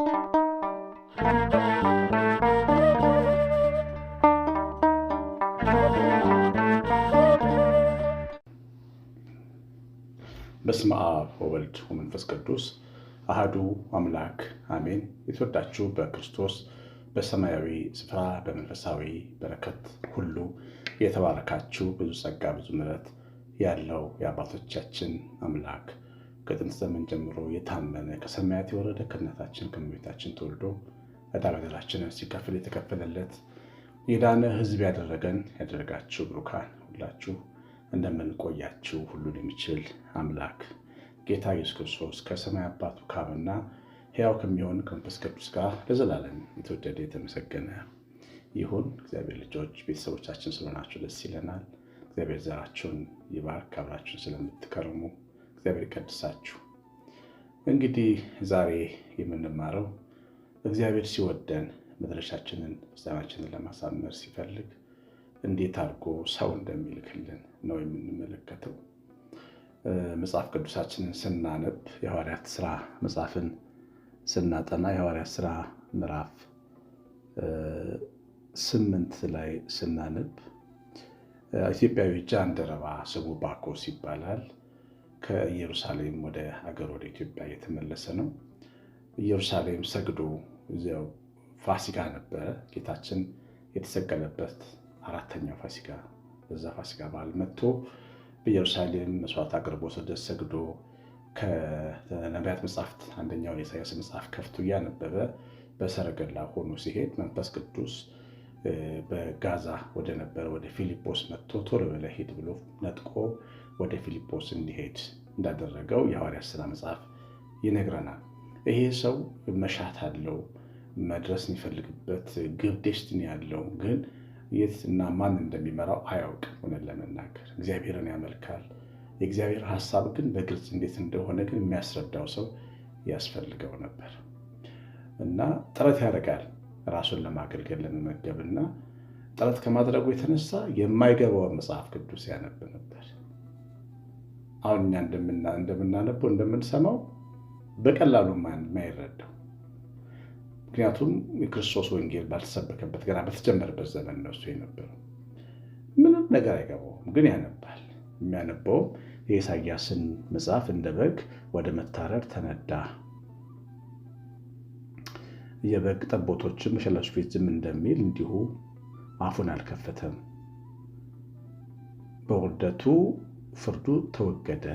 በስመ አብ ወወልድ ወመንፈስ ቅዱስ አህዱ አምላክ አሜን። የተወዳችሁ በክርስቶስ በሰማያዊ ስፍራ በመንፈሳዊ በረከት ሁሉ የተባረካችሁ ብዙ ጸጋ ብዙ ምሕረት ያለው የአባቶቻችን አምላክ ከጥንት ዘመን ጀምሮ የታመነ ከሰማያት የወረደ ከእናታችን ከእመቤታችን ተወልዶ ዕዳ በደላችንን ሲከፍል የተከፈለለት የዳነ ሕዝብ ያደረገን ያደረጋችሁ ብሩካን ሁላችሁ እንደምንቆያችሁ ሁሉን የሚችል አምላክ ጌታ ኢየሱስ ክርስቶስ ከሰማይ አባቱ ካብና ሕያው ከሚሆን ከመንፈስ ቅዱስ ጋር ለዘላለም የተወደደ የተመሰገነ ይሁን። እግዚአብሔር ልጆች ቤተሰቦቻችን ስለሆናችሁ ደስ ይለናል። እግዚአብሔር ዘራችሁን ይባርክ። አብራችሁን ስለምትከርሙ እግዚአብሔር ይቀድሳችሁ። እንግዲህ ዛሬ የምንማረው እግዚአብሔር ሲወደን መድረሻችንን ፍጻሜያችንን ለማሳመር ሲፈልግ እንዴት አድርጎ ሰው እንደሚልክልን ነው የምንመለከተው። መጽሐፍ ቅዱሳችንን ስናነብ የሐዋርያት ስራ መጽሐፍን ስናጠና የሐዋርያት ስራ ምዕራፍ ስምንት ላይ ስናነብ ኢትዮጵያዊ ጃንደረባ ስሙ ባኮስ ይባላል። ከኢየሩሳሌም ወደ ሀገር ወደ ኢትዮጵያ እየተመለሰ ነው። ኢየሩሳሌም ሰግዶ እዚያው ፋሲካ ነበረ ጌታችን የተሰቀለበት አራተኛው ፋሲካ። በዛ ፋሲካ በዓል መጥቶ በኢየሩሳሌም መስዋዕት አቅርቦ ስደት ሰግዶ ከነቢያት መጽሐፍት አንደኛውን የኢሳያስ መጽሐፍ ከፍቶ እያነበበ በሰረገላ ሆኖ ሲሄድ መንፈስ ቅዱስ በጋዛ ወደ ነበረ ወደ ፊልጶስ መጥቶ ቶሎ ብለህ ሂድ ብሎ ነጥቆ ወደ ፊልጶስ እንዲሄድ እንዳደረገው የሐዋርያ ሥራ መጽሐፍ ይነግረናል። ይሄ ሰው መሻት አለው፣ መድረስ የሚፈልግበት ግብ ዴስቲኒ ያለው ግን የትና ማን እንደሚመራው አያውቅም። እውነት ለመናገር እግዚአብሔርን ያመልካል። የእግዚአብሔር ሀሳብ ግን በግልጽ እንዴት እንደሆነ ግን የሚያስረዳው ሰው ያስፈልገው ነበር እና ጥረት ያደርጋል ራሱን ለማገልገል ለመመገብና ጥረት ከማድረጉ የተነሳ የማይገባውን መጽሐፍ ቅዱስ ያነብ ነበር። አሁን እኛ እንደምናነበው እንደምንሰማው በቀላሉ ማይረዳው ምክንያቱም የክርስቶስ ወንጌል ባልተሰበከበት ገና በተጀመረበት ዘመን ነው እሱ የነበረው። ምንም ነገር አይገባውም፣ ግን ያነባል። የሚያነበውም የኢሳያስን መጽሐፍ እንደ በግ ወደ መታረድ ተነዳ፣ የበግ ጠቦቶችም በሸላቾች ፊት ዝም እንደሚል እንዲሁ አፉን አልከፈተም። በውርደቱ ፍርዱ ተወገደ።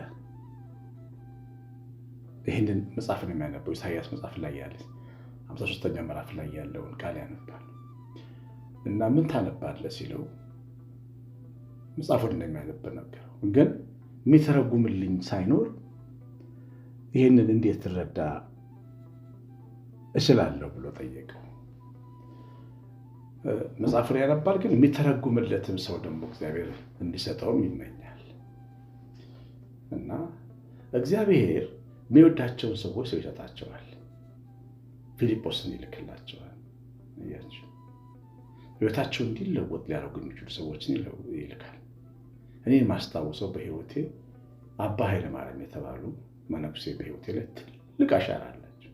ይህንን መጽሐፍን የሚያነበው ኢሳያስ መጽሐፍ ላይ ያለ 53ኛው ምዕራፍ ላይ ያለውን ቃል ያነባል እና ምን ታነባለ ሲለው መጽሐፉን እንደሚያነብ ነገረው። ግን የሚተረጉምልኝ ሳይኖር ይህንን እንዴት ትረዳ እችላለሁ ብሎ ጠየቀው። መጽሐፉን ያነባል፣ ግን የሚተረጉምለትም ሰው ደግሞ እግዚአብሔር እንዲሰጠውም ይመኛል። እና እግዚአብሔር የሚወዳቸውን ሰዎች ሰው ይሰጣቸዋል። ፊልጶስን ይልክላቸዋል። እያቸው ህይወታቸው እንዲለወጥ ሊያደርጉ የሚችሉ ሰዎችን ይልካል። እኔ የማስታውሰው በህይወቴ አባ ኃይለማርያም የተባሉ መነኩሴ በህይወቴ ላይ ትልቅ አሻራ አላቸው።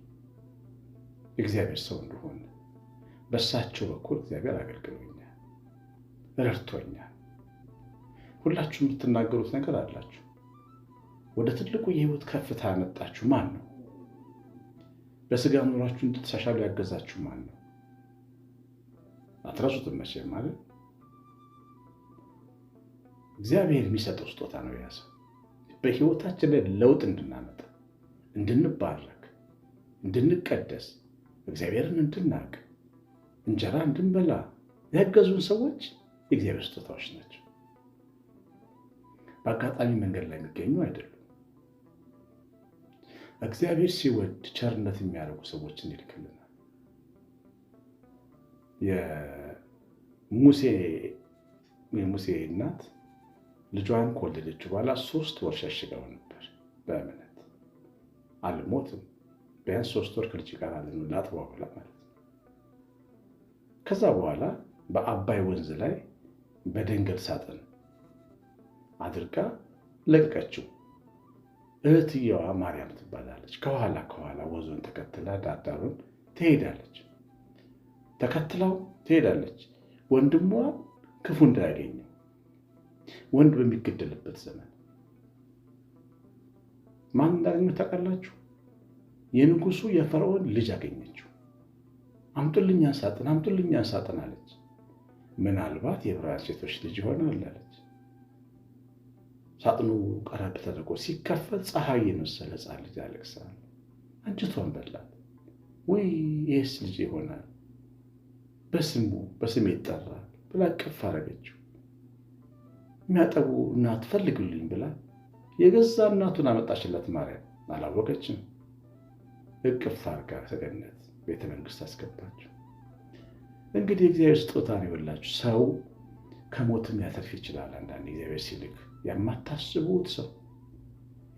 እግዚአብሔር ሰው እንደሆነ በእሳቸው በኩል እግዚአብሔር አገልግሎኛል፣ ረድቶኛል። ሁላችሁ የምትናገሩት ነገር አላችሁ። ወደ ትልቁ የህይወት ከፍታ ያመጣችሁ ማን ነው? በስጋ ኑሯችሁ እንድትሻሻሉ ያገዛችሁ ማን ነው? አትረሱትም መቼም ማለት እግዚአብሔር የሚሰጠው ስጦታ ነው። ያዘ በህይወታችን ላይ ለውጥ እንድናመጣ፣ እንድንባረክ፣ እንድንቀደስ፣ እግዚአብሔርን እንድናቅ፣ እንጀራ እንድንበላ ያገዙን ሰዎች የእግዚአብሔር ስጦታዎች ናቸው። በአጋጣሚ መንገድ ላይ የሚገኙ አይደሉም። እግዚአብሔር ሲወድ ቸርነት የሚያደርጉ ሰዎችን ይልክልናል። የሙሴ እናት ልጇን ከወለደች በኋላ ሶስት ወር ሸሽገው ነበር። በእምነት አልሞትም ቢያንስ ሶስት ወር ከልጅ ጋር አለንላት በኋላ ማለት ነው። ከዛ በኋላ በአባይ ወንዝ ላይ በደንገል ሳጥን አድርጋ ለቀቀችው። እህትየዋ ማርያም ትባላለች። ከኋላ ከኋላ ወዞን ተከትላ ዳዳሩን ትሄዳለች። ተከትላው ትሄዳለች። ወንድሟ ክፉ እንዳያገኘ ወንድ በሚገደልበት ዘመን ማን እንዳገኘ ታውቃላችሁ? የንጉሱ የፈርዖን ልጅ አገኘችው። አምጡልኛ ሳጥን፣ አምጡልኛ ሳጥን አለች። ምናልባት የዕብራውያን ሴቶች ልጅ ይሆናል አለች። ሳጥኑ ቀረብ ተደርጎ ሲከፈል ፀሐይ የመሰለ ህፃን ልጅ ያለቅሳል። አንጀቷን በላት። ወይ ይህስ ልጅ ይሆናል በስሙ በስሜ ይጠራል ብላ ቅፍ አረገችው። የሚያጠቡ እናት ፈልግልኝ ብላ የገዛ እናቱን አመጣችላት። ማርያም አላወቀችም። እቅፍ አርጋ ተገነት ቤተ መንግስት አስገባቸው። እንግዲህ እግዚአብሔር ስጦታ ነው የወላችሁ ሰው ከሞትም ሊያተርፍ ይችላል። አንዳንድ እግዚአብሔር ሲልክ የማታስቡት ሰው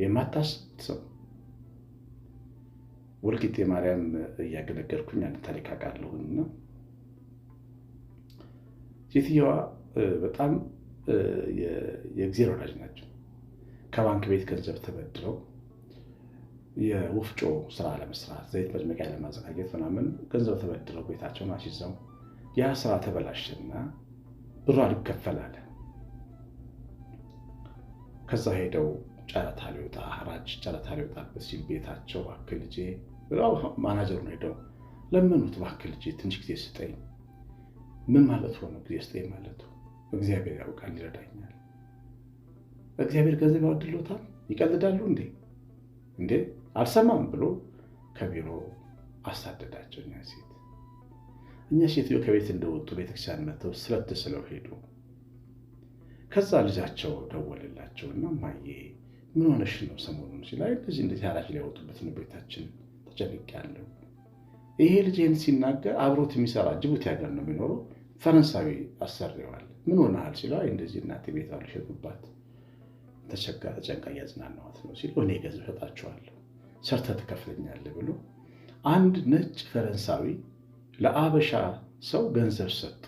የማታስቡት ሰው ወልቂጤ ማርያም እያገለገልኩኝ አንድ ታሪክ አውቃለሁና ሴትየዋ በጣም የእግዜር ወዳጅ ናቸው። ከባንክ ቤት ገንዘብ ተበድረው የወፍጮ ስራ ለመስራት ዘይት መጭመቂያ ለማዘጋጀት ምናምን ገንዘብ ተበድረው ቤታቸውን አስይዘው ያ ስራ ተበላሸና ብሯ ሊከፈል ከዛ ሄደው ጨረታ ሊወጣ ሐራጅ ጨረታ ሊወጣበት ሲል ቤታቸው እባክህ ልጄ ብለው ማናጀሩን ሄደው ለመኑት፣ እባክህ ልጄ ትንሽ ጊዜ ስጠኝ። ምን ማለት ሆነ ጊዜ ስጠኝ ማለቱ? እግዚአብሔር ያውቃል ይረዳኛል። እግዚአብሔር ገንዘብ ያወድሎታል። ይቀልዳሉ እንዴ እንዴ አልሰማም ብሎ ከቢሮ አሳደዳቸው። እኛ ሴት እኛ ሴትዮ ከቤት እንደወጡ ቤተክርስቲያን መጥተው ስለት ስለው ሄዱ። ከዛ ልጃቸው ደወልላቸው እና ማዬ ምን ሆነሽ ነው ሰሞኑን ሲላይ እንደዚህ እንደዚህ ኃላፊ ሊያወጡበት ነው ቤታችን ተጨንቄያለሁ። ይሄ ልጅን ሲናገር አብሮት የሚሰራ ጅቡቲ ሀገር ነው የሚኖረው ፈረንሳዊ አሰሪዋል። ምን ሆነሃል ሲለው እንደዚህ እናቴ ቤት አልሸጡባት ተቸጋ ተጨንቃ እያጽናናዋት ነው ሲል እኔ ገንዘብ እሰጣችኋለሁ ሰርተህ ትከፍለኛለህ ብሎ አንድ ነጭ ፈረንሳዊ ለአበሻ ሰው ገንዘብ ሰጥቶ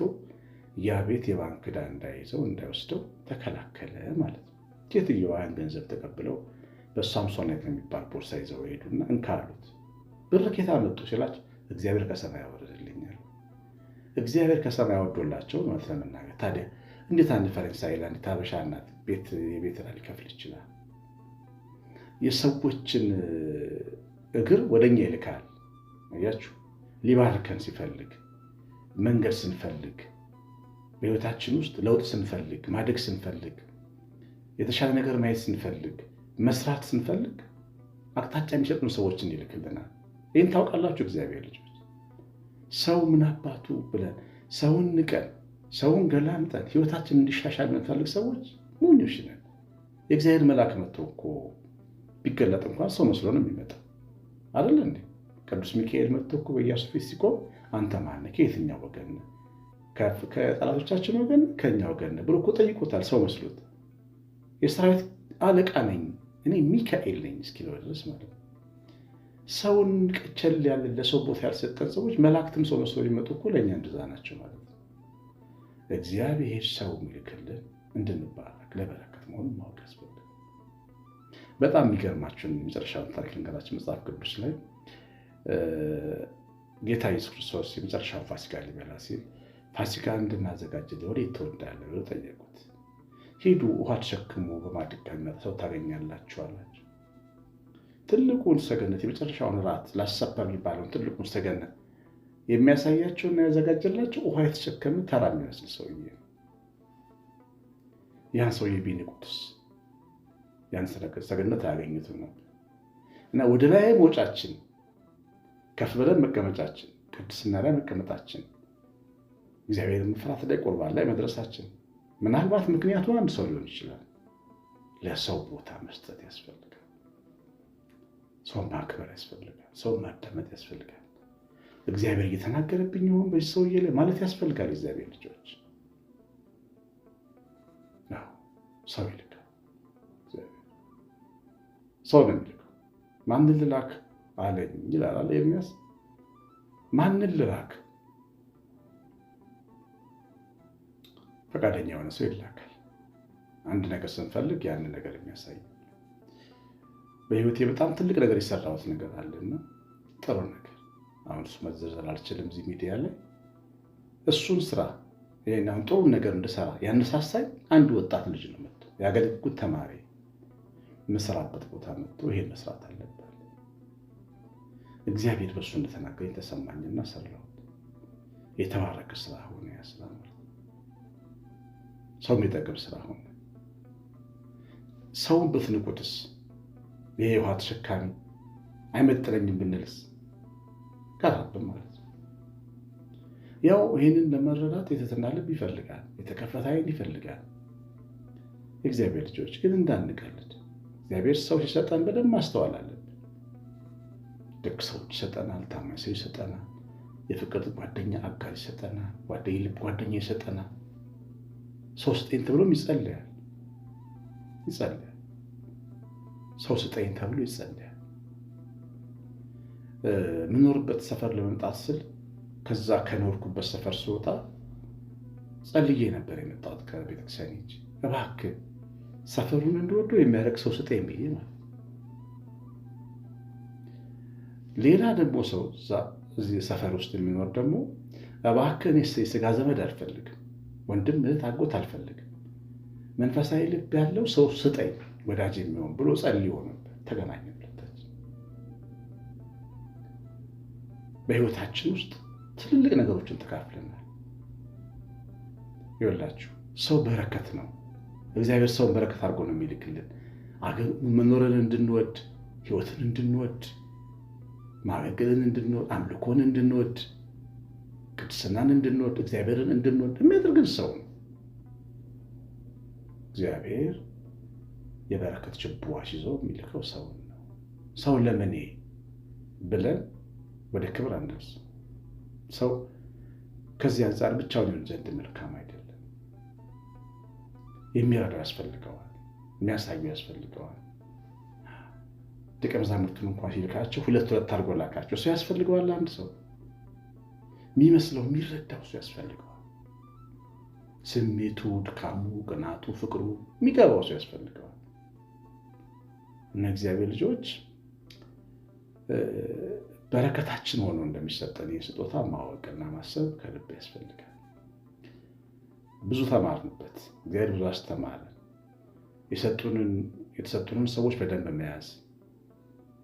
ያ ቤት የባንክ ዕዳ እንዳይዘው እንዳይወስደው ተከላከለ ማለት ነው። ሴትዮዋን ገንዘብ ተቀብለው በሳምሶናይት የሚባል ቦርሳ ይዘው ሄዱና እንካሉት ብር መጡ ሲላቸው እግዚአብሔር ከሰማይ ያወረድልኛል። እግዚአብሔር ከሰማይ ያወርዶላቸው ማለት ለመናገር ታዲያ እንዴት አንድ ፈረንሳይ ለአንዲት ሀበሻ እናት ቤት የቤት ዕዳ ሊከፍል ይችላል? የሰዎችን እግር ወደኛ ይልካል። አያችሁ ሊባርከን ሲፈልግ መንገድ ስንፈልግ በህይወታችን ውስጥ ለውጥ ስንፈልግ፣ ማደግ ስንፈልግ፣ የተሻለ ነገር ማየት ስንፈልግ፣ መስራት ስንፈልግ አቅጣጫ የሚሰጡን ሰዎችን ይልክልናል። ይህን ታውቃላችሁ እግዚአብሔር ልጆች። ሰው ምን አባቱ ብለን ሰውን ንቀን ሰውን ገላምጠን ህይወታችን እንዲሻሻል የምንፈልግ ሰዎች ሞኞች ነን። የእግዚአብሔር መልአክ መጥቶ እኮ ቢገለጥ እንኳን ሰው መስሎ ነው የሚመጣው አይደለ እንዴ? ቅዱስ ሚካኤል መጥቶ እኮ በኢያሱ ፊት ሲቆም አንተ ማነህ? ከየትኛው ወገን ነህ? ከጠላቶቻችን ወገን ከኛ ወገን ብሎ እኮ ጠይቆታል። ሰው መስሎት የሰራዊት አለቃ ነኝ እኔ ሚካኤል ነኝ እስኪለው ድረስ ማለት ነው። ሰውን ቀቸል ያለ ለሰው ቦታ ያልሰጠን ሰዎች መላእክትም ሰው መስሎ ሊመጡ እኮ ለእኛ እንደዛ ናቸው ማለት ነው። እግዚአብሔር ሰው ሚልክልን እንድንባረክ ለበረከት መሆኑ ማወቅ ያስፈልጋል። በጣም የሚገርማችሁን የመጨረሻውን ታሪክ ልንገራችን። መጽሐፍ ቅዱስ ላይ ጌታ ኢየሱስ ክርስቶስ የመጨረሻውን ፋሲካ ሊበላ ሲል ፋሲካ እንድናዘጋጅ ወዴት ትወዳለህ ብለው ጠየቁት። ሂዱ ውሃ ተሸክሙ በማድጋ ሰው ታገኛላችሁ አላቸው። ትልቁን ሰገነት የመጨረሻውን ራት ላሰፓ የሚባለውን ትልቁን ሰገነት የሚያሳያቸውና ያዘጋጀላቸው ውሃ የተሸከመ ተራ የሚመስል ሰውዬ ነው። ያን ሰውዬ ቢንቁትስ ያን ሰገነት አያገኙትም ነበር እና ወደ ላይ መውጫችን ከፍ ብለን መቀመጫችን ቅድስና ላይ መቀመጣችን እግዚአብሔርን መፍራት ላይ ቁርባን ላይ መድረሳችን ምናልባት ምክንያቱ አንድ ሰው ሊሆን ይችላል። ለሰው ቦታ መስጠት ያስፈልጋል። ሰው ማክበር ያስፈልጋል። ሰው ማዳመጥ ያስፈልጋል። እግዚአብሔር እየተናገረብኝ ይሆን በዚህ ሰውዬ ላይ ማለት ያስፈልጋል። እግዚአብሔር ልጆች ሰው ይልካል። ሰው ነው የሚልከው። ማንን ልላክ አለኝ ይላል ኤርምያስ። ማንን ልላክ ፈቃደኛ የሆነ ሰው ይላካል። አንድ ነገር ስንፈልግ ያንን ነገር የሚያሳይ በህይወቴ በጣም ትልቅ ነገር የሰራሁት ነገር አለና ጥሩ ነገር አሁን እሱ መዘርዘር አልችልም እዚህ ሚዲያ ላይ እሱን ስራ ይህን ጥሩ ነገር እንድሰራ ያነሳሳኝ አንድ ወጣት ልጅ ነው መጥቶ ያገለግኩት ተማሪ የምሰራበት ቦታ መጥቶ ይሄን መስራት አለበት እግዚአብሔር በእሱ እንደተናገረኝ ተሰማኝና ሰራሁት የተባረከ ስራ ሆነ ያ ሰው የሚጠቅም ስራ ሆነ። ሰውን ብትንቁትስ? ይሄ ውሃ ተሸካሚ አይመጥለኝም ብንልስ? ቀረብን ማለት ነው። ያው ይህንን ለመረዳት የትህትና ልብ ይፈልጋል፣ የተከፈተ ዓይን ይፈልጋል። የእግዚአብሔር ልጆች ግን እንዳንቀልድ፣ እግዚአብሔር ሰው ሲሰጠን በደንብ ማስተዋል አለብን። ደግ ሰዎች ይሰጠናል፣ ታማኝ ሰው ይሰጠናል፣ የፍቅር ጓደኛ አጋር ይሰጠናል፣ ጓደኛ ልብ ጓደኛ ይሰጠናል። ሶስጤን ተብሎም ይጸልያል ይጸለያል። ሰው ስጠኝ ተብሎ ይጸልያል ምኖርበት ሰፈር ለመምጣት ስል ከዛ ከኖርኩበት ሰፈር ስወጣ ጸልዬ ነበር የመጣት ከቤተክርስቲያን ሄጄ እባክ ሰፈሩን እንደወዶ የሚያደረግ ሰው ስጠኝ ብዬ ማለት ሌላ ደግሞ ሰው እዚህ ሰፈር ውስጥ የሚኖር ደግሞ እባክህ እኔ ስጋ ዘመድ አልፈልግም ወንድም እህት፣ አጎት አልፈልግም። መንፈሳዊ ልብ ያለው ሰው ስጠኝ ወዳጅ የሚሆን ብሎ ጸልዮ ነበር። ተገናኘለታች። በህይወታችን ውስጥ ትልልቅ ነገሮችን ተካፍለናል። ይወላችሁ ሰው በረከት ነው። እግዚአብሔር ሰውን በረከት አድርጎ ነው የሚልክልን። መኖርን እንድንወድ፣ ህይወትን እንድንወድ፣ ማገልገልን እንድንወድ፣ አምልኮን እንድንወድ ቅድስናን እንድንወድ እግዚአብሔርን እንድንወድ የሚያደርግን ሰው ነው። እግዚአብሔር የበረከት ችቦዋሽ ይዞ የሚልከው ሰውን ነው። ሰው ለምኔ ብለን ወደ ክብር አንደርስ። ሰው ከዚህ አንጻር ብቻውን ይሆን ዘንድ መልካም አይደለም። የሚረዳው ያስፈልገዋል፣ የሚያሳየው ያስፈልገዋል። ደቀ መዛሙርቱን እንኳ ሲልካቸው ሁለት ሁለት አድርጎ ላካቸው። ሰው ያስፈልገዋል አንድ ሰው የሚመስለው የሚረዳው እሱ ያስፈልገዋል። ስሜቱ፣ ድካሙ፣ ቅናቱ፣ ፍቅሩ የሚገባው ሰው ያስፈልገዋል። እና እግዚአብሔር ልጆች በረከታችን ሆኖ እንደሚሰጠን የስጦታ ማወቅና ማሰብ ከልብ ያስፈልጋል። ብዙ ተማርንበት። እግዚአብሔር ብዙ አስተማረን። የተሰጡንን ሰዎች በደንብ መያዝ፣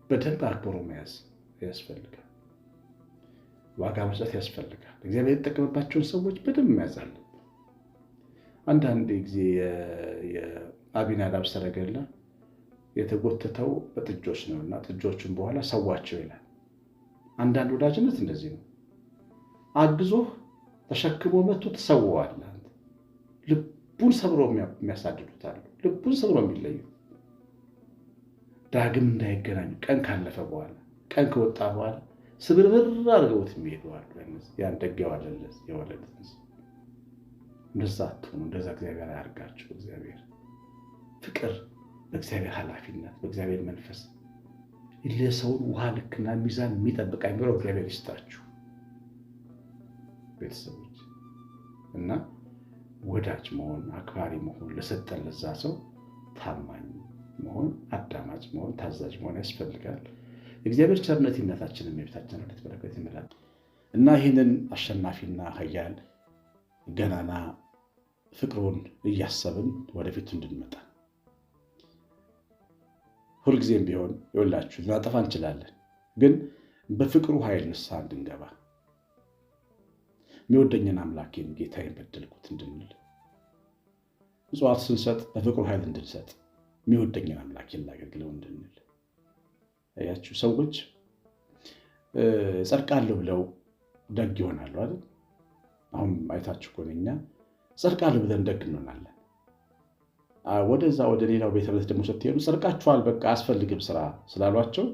በደንብ አክብሮ መያዝ ያስፈልጋል። ዋጋ መስጠት ያስፈልጋል። እግዚአብሔር የተጠቀመባቸውን ሰዎች በደንብ መያዝ አለብን። አንዳንድ ጊዜ የአቢናዳብ ሰረገላ የተጎተተው በጥጆች ነው እና ጥጆችን በኋላ ሰዋቸው ይላል። አንዳንድ ወዳጅነት እንደዚህ ነው። አግዞህ ተሸክሞ መቶ ትሰዋዋለህ። ልቡን ሰብሮ የሚያሳድዱት አሉ። ልቡን ሰብሮ የሚለዩ ዳግም እንዳይገናኙ ቀን ካለፈ በኋላ ቀን ከወጣ በኋላ ስብርብር አድርገውት የሚሄደዋል። ያን ደግ የወለድ የዋለለት እንደዛ ትሆኑ እንደዛ እግዚአብሔር አያርጋቸው። እግዚአብሔር ፍቅር፣ በእግዚአብሔር ኃላፊነት፣ በእግዚአብሔር መንፈስ ለሰውን ውሃ ልክና ሚዛን የሚጠብቅ አይምሮ እግዚአብሔር ይስጣችሁ ቤተሰቦች እና ወዳጅ መሆን፣ አክባሪ መሆን፣ ለሰጠን ለዛ ሰው ታማኝ መሆን፣ አዳማጭ መሆን፣ ታዛዥ መሆን ያስፈልጋል። እግዚአብሔር ቸርነት ይነታችን የቤታችን ረት በረከት ይምላል እና ይህንን አሸናፊና ኃያል ገናና ፍቅሩን እያሰብን ወደፊት እንድንመጣ ሁልጊዜም ቢሆን ይወላችሁ ልናጠፋ እንችላለን፣ ግን በፍቅሩ ኃይል ንሳ እንድንገባ የሚወደኝን አምላኬን ጌታዬን በደልኩት እንድንል ምጽዋት ስንሰጥ በፍቅሩ ኃይል እንድንሰጥ የሚወደኝን አምላኬን ላገልግለው እንድንል ያችሁ ሰዎች ጸድቃለሁ ብለው ደግ ይሆናሉ አይደል? አሁን አይታችሁ ከሆነ እኛ ጸድቃለሁ ብለን ደግ እንሆናለን። ወደዛ ወደ ሌላው ቤተ እምነት ደግሞ ስትሄዱ ጸድቃችኋል፣ በቃ አስፈልግም ስራ ስላሏቸው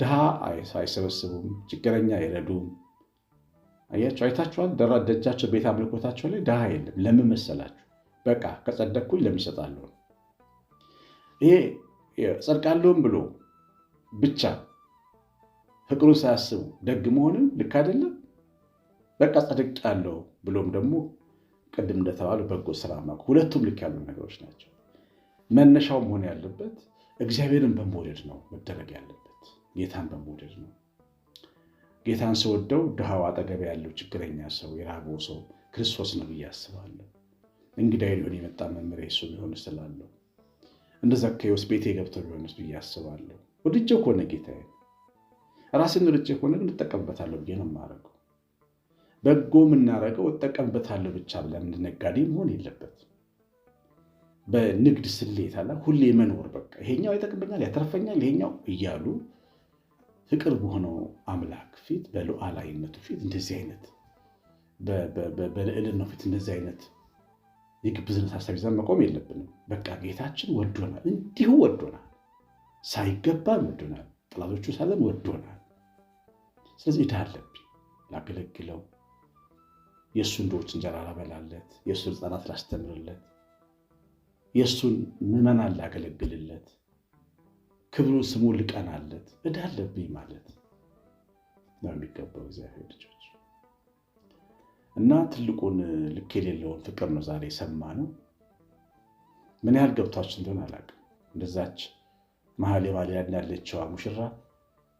ድሃ አይሰበስቡም፣ ችግረኛ አይረዱም። አያቸው አይታችኋል። ደራ ደጃቸው ቤት አምልኮታቸው ላይ ድሃ የለም። ለምን መሰላችሁ? በቃ ከጸደቅኩኝ ለምን እሰጣለሁ። ይሄ ጸድቃለሁም ብሎ ብቻ ፍቅሩን ሳያስቡ ደግ መሆንን ልክ አይደለም። በቃ ጸድቅ ያለው ብሎም ደግሞ ቅድም እንደተባለ በጎ ስራ ማቅ ሁለቱም ልክ ያሉ ነገሮች ናቸው። መነሻው መሆን ያለበት እግዚአብሔርን በመውደድ ነው መደረግ ያለበት፣ ጌታን በመውደድ ነው። ጌታን ስወደው ድሃው፣ አጠገብ ያለው ችግረኛ ሰው፣ የራበው ሰው ክርስቶስ ነው ብዬ አስባለሁ። እንግዳይ ሊሆን የመጣ መምህር እሱ ሊሆን ስላለው እንደ ዘኬዎስ ቤቴ ገብቶ ቢሆንስ ብዬ አስባለሁ። ወድጄው ከሆነ ጌታዬ ራሴን ወድጄ ከሆነ ግን እጠቀምበታለሁ ብዬ ነው የማደርገው። በጎ የምናደርገው እጠቀምበታለሁ ብቻ ብለን ነጋዴ መሆን የለበት። በንግድ ስሌት አለ ሁሌ መኖር በቃ ይሄኛው ይጠቅምብኛል፣ ያተርፈኛል፣ ይሄኛው እያሉ ፍቅር በሆነው አምላክ ፊት በሉዓላዊነቱ ፊት እንደዚህ አይነት በልዕልናው ፊት እንደዚህ አይነት የግብዝነት ሀሳብ ይዘን መቆም የለብንም። በቃ ጌታችን ወዶናል፣ እንዲሁ ወዶናል። ሳይገባ ወዶናል። ጠላቶቹ ሳለን ወዶናል። ስለዚህ ዕዳ አለብኝ ላገለግለው፣ የእሱን ድሆች እንጀራ ላበላለት፣ የእሱን ሕፃናት ላስተምርለት፣ የእሱን ምዕመናን ላገለግልለት፣ ክብሩን ስሙ ልቀናለት። እዳ አለብኝ ማለት ነው የሚገባው እግዚአብሔር ልጆች እና ትልቁን ልክ የሌለውን ፍቅር ነው ዛሬ የሰማ ነው። ምን ያህል ገብቷችን እንደሆነ አላውቅም እንደዛች መሀል የባልያን ያለችዋ ሙሽራ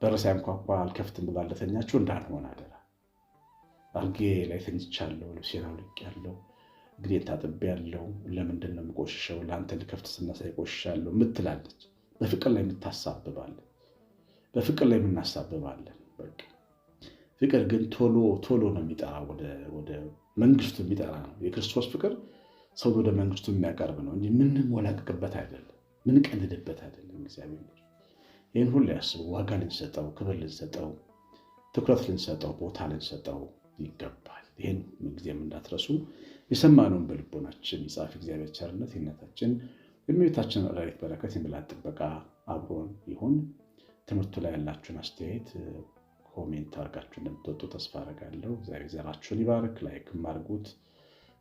በር ሲያንኳኳ አልከፍትም ብላ ለተኛችው እንዳንሆን አደራ። አልጌ ላይ ተኝቻለሁ፣ ልብሴን አውልቄያለሁ፣ እግሬን ታጥቤያለሁ፣ ለምንድን ነው የምቆሽሸው? ለአንተ ልከፍት ስነሳ ይቆሽሻለሁ ምትላለች። በፍቅር ላይ የምታሳብባለን፣ በፍቅር ላይ የምናሳብባለን። በቃ ፍቅር ግን ቶሎ ቶሎ ነው የሚጠራ ወደ መንግስቱ የሚጠራ ነው። የክርስቶስ ፍቅር ሰው ወደ መንግስቱ የሚያቀርብ ነው እንጂ ምንም ወላቅቅበት አይደለም። ልንቀልድበት አይደለም። እግዚአብሔር ይህን ሁሉ ያስቡ። ዋጋ ልንሰጠው፣ ክብር ልንሰጠው፣ ትኩረት ልንሰጠው፣ ቦታ ልንሰጠው ይገባል። ይህን ምንጊዜም እንዳትረሱ። የሰማነውን በልቦናችን የጻፍ እግዚአብሔር ቸርነት ይነታችን የሚቤታችን ረድኤት በረከት የመላእክት ጥበቃ አብሮን ይሁን። ትምህርቱ ላይ ያላችሁን አስተያየት ኮሜንት አርጋችሁ እንደምትወጡ ተስፋ አረጋለሁ። እግዚአብሔር ዘራችሁን ይባርክ። ላይክም አድርጉት።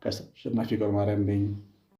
ቀሲስ አሸናፊ ገብረ ማርያም ነኝ።